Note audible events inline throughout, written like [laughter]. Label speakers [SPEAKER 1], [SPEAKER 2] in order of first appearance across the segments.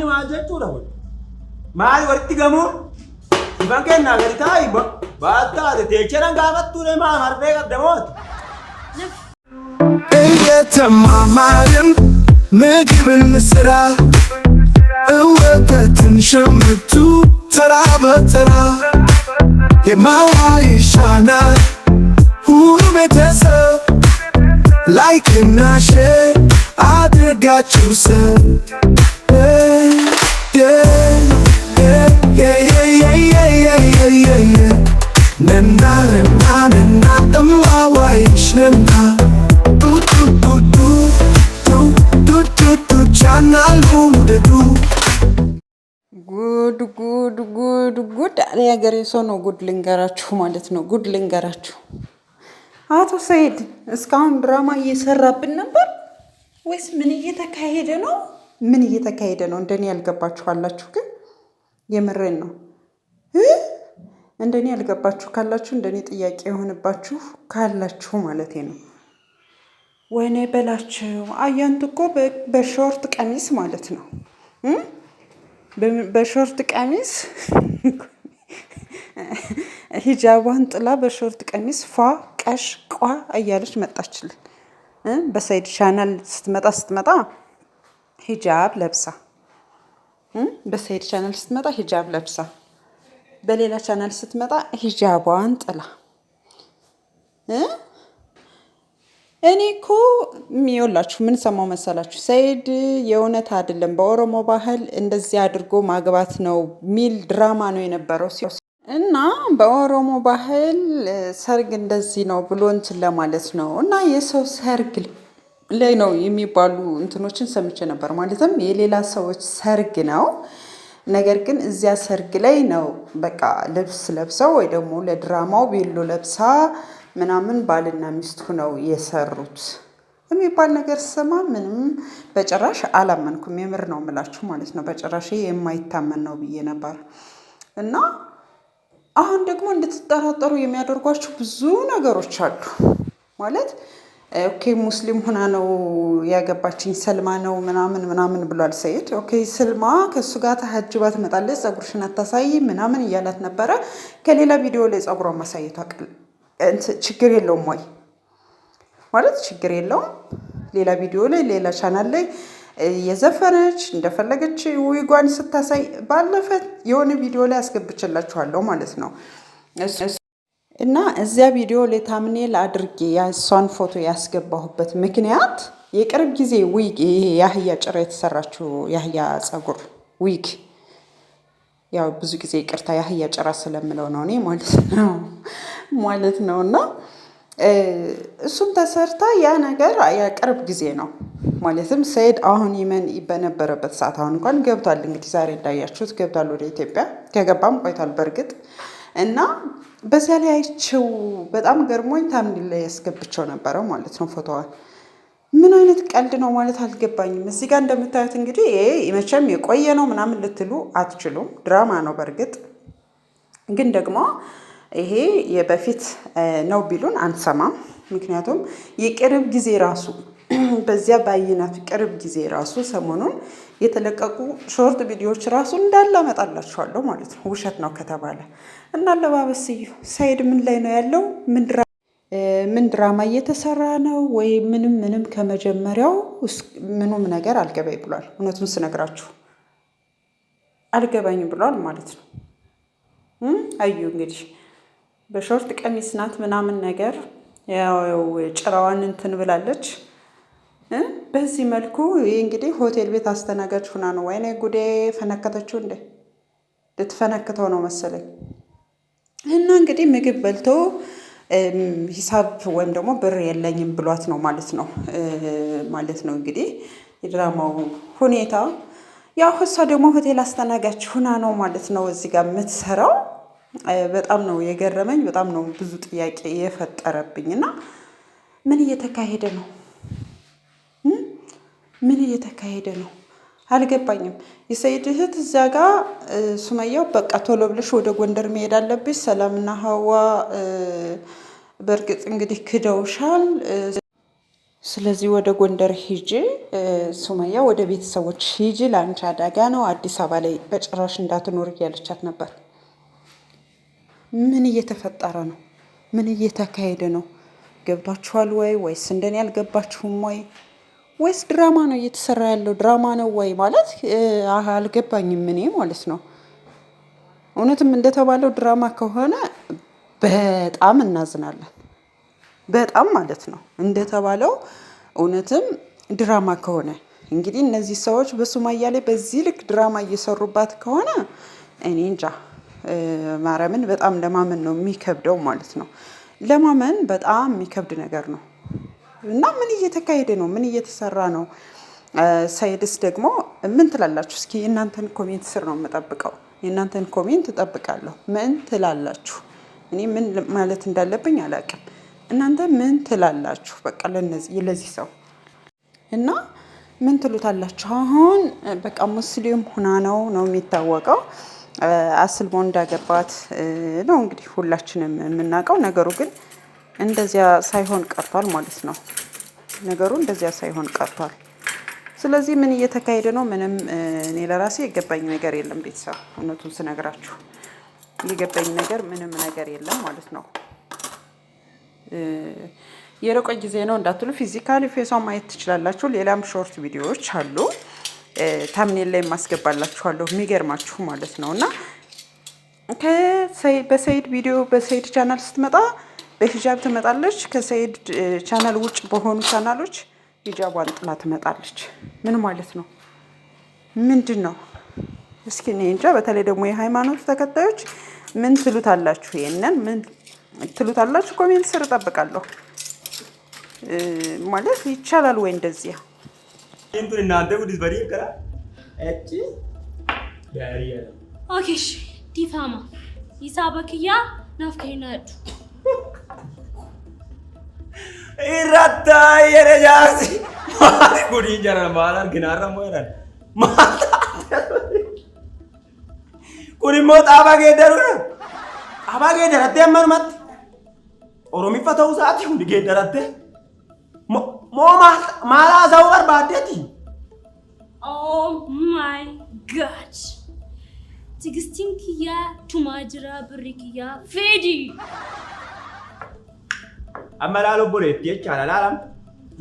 [SPEAKER 1] Namni waa jechuudha kun maal walitti gamoo ifan kennaa gadi taa'i baattaa teecheran gaafattuudha maa harree gaddamooti.
[SPEAKER 2] እየተማማርን ምግብ እንስራ እወተትን ሸምቱ ተራ በተራ የማዋ ይሻናል ሁሉ ቤተሰብ ላይክና ሼር አድርጋችሁ ሰብ ጉድ
[SPEAKER 3] ጉድ ጉድ ጉድ! እኔ ሀገሬ ሰው ነው። ጉድ ልንገራችሁ ማለት ነው። ጉድ ልንገራችሁ። አቶ ሰይድ እስካሁን ድራማ እየሰራብን ነበር
[SPEAKER 4] ወይስ ምን እየተካሄደ ነው?
[SPEAKER 3] ምን እየተካሄደ ነው? እንደኔ ያልገባችሁ ካላችሁ ግን የምሬን ነው። እንደኔ ያልገባችሁ ካላችሁ እንደኔ ጥያቄ የሆንባችሁ ካላችሁ ማለት ነው ወይኔ በላችሁ። አያንት እኮ በሾርት ቀሚስ ማለት ነው በሾርት ቀሚስ [laughs] ሂጃቧን ጥላ በሾርት ቀሚስ ፏ ቀሽ ቋ እያለች መጣችልን። በሰይድ ቻናል ስትመጣ ስትመጣ ሂጃብ ለብሳ በሰይድ ቻናል ስትመጣ ሂጃብ ለብሳ፣ በሌላ ቻናል ስትመጣ ሂጃቧን ጥላ። እኔ እኮ የሚወላችሁ ምን ሰማው መሰላችሁ? ሰይድ የእውነት አይደለም በኦሮሞ ባህል እንደዚህ አድርጎ ማግባት ነው ሚል ድራማ ነው የነበረው እና በኦሮሞ ባህል ሰርግ እንደዚህ ነው ብሎ እንትን ለማለት ነው እና የሰው ሰርግ ላይ ነው የሚባሉ እንትኖችን ሰምቼ ነበር። ማለትም የሌላ ሰዎች ሰርግ ነው። ነገር ግን እዚያ ሰርግ ላይ ነው በቃ ልብስ ለብሰው ወይ ደግሞ ለድራማው ቤሎ ለብሳ ምናምን ባልና ሚስቱ ነው የሰሩት የሚባል ነገር ስሰማ ምንም በጭራሽ አላመንኩም። የምር ነው የምላችሁ ማለት ነው። በጭራሽ የማይታመን ነው ብዬ ነበር እና አሁን ደግሞ እንድትጠራጠሩ የሚያደርጓችሁ ብዙ ነገሮች አሉ ማለት ኦኬ ሙስሊም ሆና ነው ያገባችኝ ሰልማ ነው ምናምን ምናምን ብሏል ሰይድ። ኦኬ ስልማ ከእሱ ጋር ተሀጅባ ትመጣለች፣ ፀጉርሽን አታሳይ ምናምን እያላት ነበረ። ከሌላ ቪዲዮ ላይ ፀጉሯን ማሳየቷ ችግር የለውም ወይ ማለት ችግር የለውም። ሌላ ቪዲዮ ላይ ሌላ ቻናል ላይ የዘፈነች እንደፈለገች ዊጓን ስታሳይ ባለፈ የሆነ ቪዲዮ ላይ አስገብችላችኋለሁ ማለት ነው። እና እዚያ ቪዲዮ ላይ አድርጌ የእሷን ፎቶ ያስገባሁበት ምክንያት የቅርብ ጊዜ ዊግ ይሄ የአህያ ጭራ የተሰራችው የአህያ ፀጉር ዊግ፣ ያው ብዙ ጊዜ ቅርታ የአህያ ጭራ ስለምለው ነው እኔ ማለት ነው [laughs] ማለት ነው። እና እሱም ተሰርታ ያ ነገር የቅርብ ጊዜ ነው ማለትም ሰይድ አሁን ይመን በነበረበት ሰዓት አሁን እንኳን ገብቷል። እንግዲህ ዛሬ እንዳያችሁት ገብቷል ወደ ኢትዮጵያ። ከገባም ቆይቷል በእርግጥ እና በዚያ ላይ አይቼው በጣም ገርሞኝ ታምኔል ላይ ያስገብቸው ነበረው ማለት ነው ፎቶዋን። ምን አይነት ቀልድ ነው ማለት አልገባኝም። እዚህ ጋር እንደምታዩት እንግዲህ መቼም የቆየ ነው ምናምን ልትሉ አትችሉም። ድራማ ነው በእርግጥ ግን ደግሞ ይሄ የበፊት ነው ቢሉን አንሰማም። ምክንያቱም የቅርብ ጊዜ ራሱ በዚያ ባይና ቅርብ ጊዜ ራሱ ሰሞኑን የተለቀቁ ሾርት ቪዲዮዎች ራሱ እንዳለ አመጣላችኋለሁ ማለት ነው። ውሸት ነው ከተባለ እና አለባበስ እዩ። ሳይድ ምን ላይ ነው ያለው? ምን ድራማ እየተሰራ ነው ወይ? ምንም ምንም ከመጀመሪያው ምኑም ነገር አልገባኝ ብሏል። እውነቱን ስነግራችሁ አልገባኝ ብሏል ማለት ነው። አዩ እንግዲህ በሾርት ቀሚስ ናት ምናምን ነገር ያው ጭራዋን እንትን ብላለች። በዚህ መልኩ ይህ እንግዲህ ሆቴል ቤት አስተናጋጅ ሁና ነው። ወይኔ ጉዴ! ፈነከተችው እንዴ! ልትፈነክተው ነው መሰለኝ። እና እንግዲህ ምግብ በልቶ ሂሳብ ወይም ደግሞ ብር የለኝም ብሏት ነው ማለት ነው ማለት ነው እንግዲህ የድራማው ሁኔታ ያው እሷ ደግሞ ሆቴል አስተናጋጅ ሁና ነው ማለት ነው እዚህ ጋር የምትሰራው። በጣም ነው የገረመኝ። በጣም ነው ብዙ ጥያቄ የፈጠረብኝ እና ምን እየተካሄደ ነው ምን እየተካሄደ ነው? አልገባኝም። የሰይድ እህት እዚያ ጋ ሱመያው በቃ ቶሎ ብለሽ ወደ ጎንደር መሄድ አለብሽ፣ ሰላምና ሀዋ በእርግጥ እንግዲህ ክደውሻል። ስለዚህ ወደ ጎንደር ሂጂ፣ ሱመያ ወደ ቤተሰቦች ሂጂ፣ ለአንቺ አደጋ ነው፣ አዲስ አበባ ላይ በጭራሽ እንዳትኖር እያለቻት ነበር። ምን እየተፈጠረ ነው? ምን እየተካሄደ ነው? ገብቷችኋል ወይ? ወይስ እንደኔ አልገባችሁም ወይ? ወይስ ድራማ ነው እየተሰራ ያለው? ድራማ ነው ወይ ማለት አልገባኝም እኔ ማለት ነው። እውነትም እንደተባለው ድራማ ከሆነ በጣም እናዝናለን፣ በጣም ማለት ነው። እንደተባለው እውነትም ድራማ ከሆነ እንግዲህ እነዚህ ሰዎች በሱማያ ላይ በዚህ ልክ ድራማ እየሰሩባት ከሆነ እኔ እንጃ ማረምን በጣም ለማመን ነው የሚከብደው ማለት ነው። ለማመን በጣም የሚከብድ ነገር ነው። እና ምን እየተካሄደ ነው? ምን እየተሰራ ነው? ሰይድስ ደግሞ ምን ትላላችሁ? እስኪ የእናንተን ኮሜንት ስር ነው የምጠብቀው። የእናንተን ኮሜንት እጠብቃለሁ። ምን ትላላችሁ? እኔ ምን ማለት እንዳለብኝ አላውቅም። እናንተ ምን ትላላችሁ? በቃ ለዚህ ሰው እና ምን ትሉታላችሁ? አሁን በቃ ሙስሊም ሁና ነው ነው የሚታወቀው አስልሞ እንዳገባት ነው እንግዲህ ሁላችንም የምናውቀው ነገሩ ግን እንደዚያ ሳይሆን ቀርቷል ማለት ነው። ነገሩ እንደዚያ ሳይሆን ቀርቷል። ስለዚህ ምን እየተካሄደ ነው? ምንም እኔ ለራሴ የገባኝ ነገር የለም ቤተሰብ፣ እውነቱን ስነግራችሁ የገባኝ ነገር ምንም ነገር የለም ማለት ነው። የረቆ ጊዜ ነው እንዳትሉ ፊዚካሊ ፌሷን ማየት ትችላላችሁ። ሌላም ሾርት ቪዲዮዎች አሉ ታምኔል ላይ ማስገባላችኋለሁ የሚገርማችሁ ማለት ነው እና በሰይድ ቪዲዮ በሰይድ ቻናል ስትመጣ በሂጃብ ትመጣለች። ከሰይድ ቻናል ውጭ በሆኑ ቻናሎች ሂጃቧን ጥላ ትመጣለች። ምን ማለት ነው? ምንድን ነው? እስኪ እኔ እንጃ። በተለይ ደግሞ የሃይማኖት ተከታዮች ምን ትሉት አላችሁ? ይሄንን ምን ትሉት አላችሁ? ኮሜንት ስር እጠብቃለሁ። ማለት ይቻላል ወይ እንደዚያ
[SPEAKER 5] ኦኬ፣ ዲፋማ ይሳበክያ ናፍከኝ
[SPEAKER 6] irrattaa jedhe jaarsi maali gudii jaran maal argina arramoo jedhan maal kun immoo xaabaa geeddaruudha xaabaa geeddarattee ammanumatti oromiffa ta'uu isaati hundi geeddarattee moo maal haasa'uu barbaaddeeti
[SPEAKER 5] Oh my god! Tigistiin kiyyaa tumaa jira birri kiyyaa feedi!
[SPEAKER 6] amma laala obboleetti jechaadha laala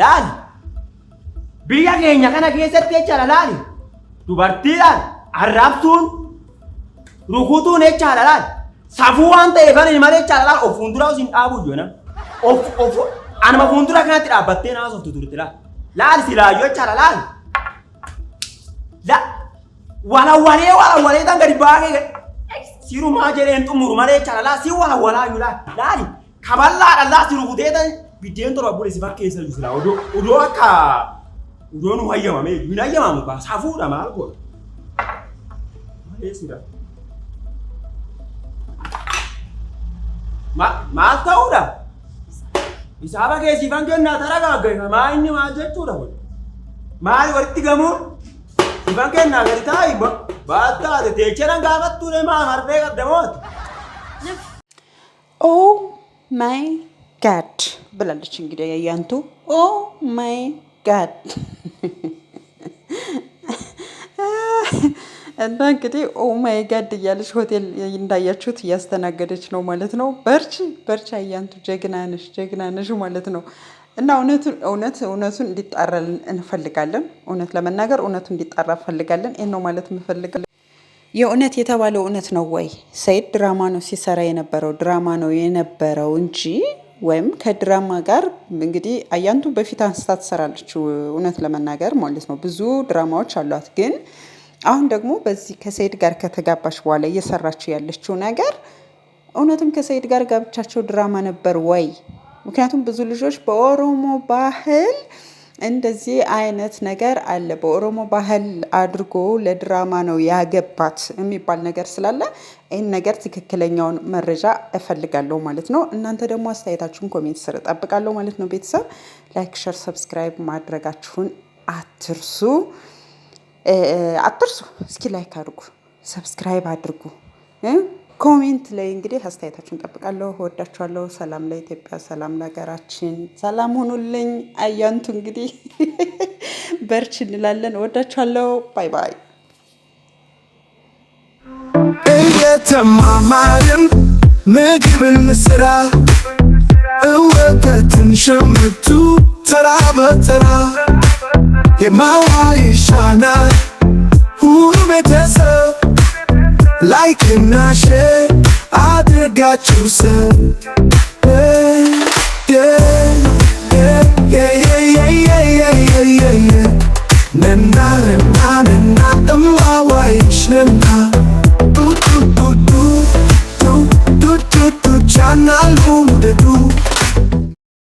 [SPEAKER 6] laali biyya keenya kana keessatti jechaadha laali dubartiidhaan arraabsuun rukutuun jechaadha laali safuu waan ta'eefan malee jechaadha laala of fuuldura isin dhaabuu joona of of anuma fuuldura kanatti dhaabbattee naasoftu turte laala laali silaayyoo jechaadha laali la walawalee walawalee tan gadi baagee sirumaa jedheen xumuru malee jechaadha laali si walawalaayyuu laali laali kaballaan allaas jiru ta'e biddeen torba bule si fakkeessa jiru silaa odoo odoo akka odoo nu hayyamame hin hayyamamu baa safuudha maal godha maleessudha maal ta'uudha isaaba keessifan kennaa tara gaaggeessa maa inni maal jechuudha kun maal walitti gamuun ifan kennaa gadi taa'i baattaa teechee dhangaa gattuudhe maa fardee gaddamooti.
[SPEAKER 3] Oh ማይ ጋድ ብላለች። እንግዲህ ያያንቱ ኦ ማይ ጋድ እና እንግዲህ ኦ ማይ ጋድ እያለች ሆቴል እንዳያችሁት እያስተናገደች ነው ማለት ነው። በርቺ በርቺ አያንቱ ጀግና ነሽ ጀግና ነሽ ማለት ነው። እና እውነት እውነቱን እንዲጣራ እንፈልጋለን። እውነት ለመናገር እውነቱን እንዲጣራ እንፈልጋለን። ይህ ነው ማለት እንፈልጋለን። የእውነት የተባለው እውነት ነው ወይ? ሰይድ ድራማ ነው ሲሰራ የነበረው ድራማ ነው የነበረው እንጂ ወይም ከድራማ ጋር እንግዲህ አያንቱ በፊት አንስታ ትሰራለች። እውነት ለመናገር ማለት ነው ብዙ ድራማዎች አሏት። ግን አሁን ደግሞ በዚህ ከሰይድ ጋር ከተጋባች በኋላ እየሰራችው ያለችው ነገር እውነትም ከሰይድ ጋር ጋብቻቸው ድራማ ነበር ወይ? ምክንያቱም ብዙ ልጆች በኦሮሞ ባህል እንደዚህ አይነት ነገር አለ። በኦሮሞ ባህል አድርጎ ለድራማ ነው ያገባት የሚባል ነገር ስላለ ይህን ነገር ትክክለኛውን መረጃ እፈልጋለሁ ማለት ነው። እናንተ ደግሞ አስተያየታችሁን ኮሜንት ስር እጠብቃለሁ ማለት ነው። ቤተሰብ ላይክ፣ ሸር፣ ሰብስክራይብ ማድረጋችሁን አትርሱ አትርሱ። እስኪ ላይክ አድርጉ፣ ሰብስክራይብ አድርጉ። ኮሜንት ላይ እንግዲህ አስተያየታችሁን እንጠብቃለሁ። ወዳችኋለሁ። ሰላም ለኢትዮጵያ፣ ሰላም ለሀገራችን፣ ሰላም ሆኑልኝ። አያንቱ እንግዲህ [laughs] በርች እንላለን። ወዳችኋለሁ። ባይ ባይ። እየተማማርን ምግብን ስራ እወተትን ሸምቱ ተራ በተራ የማዋይሻናል ሁሉ ቤተሰብ Like in a shade, I did got you, sir.